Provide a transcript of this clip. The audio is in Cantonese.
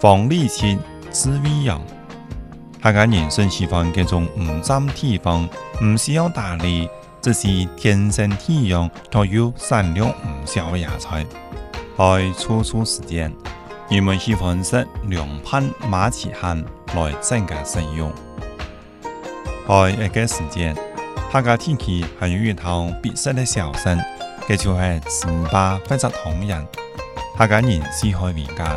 黃綠色滋味濃，客家人最喜歡這種唔佔地方、唔需要打理，只是天生地養，它有山料唔少野菜。在初初時間，人們喜歡食涼拌馬齒莧來增加食慾。在這個時間，客家天氣還有一套別色的小身，叫做糍粑，非常紅潤，客家人是可以回家。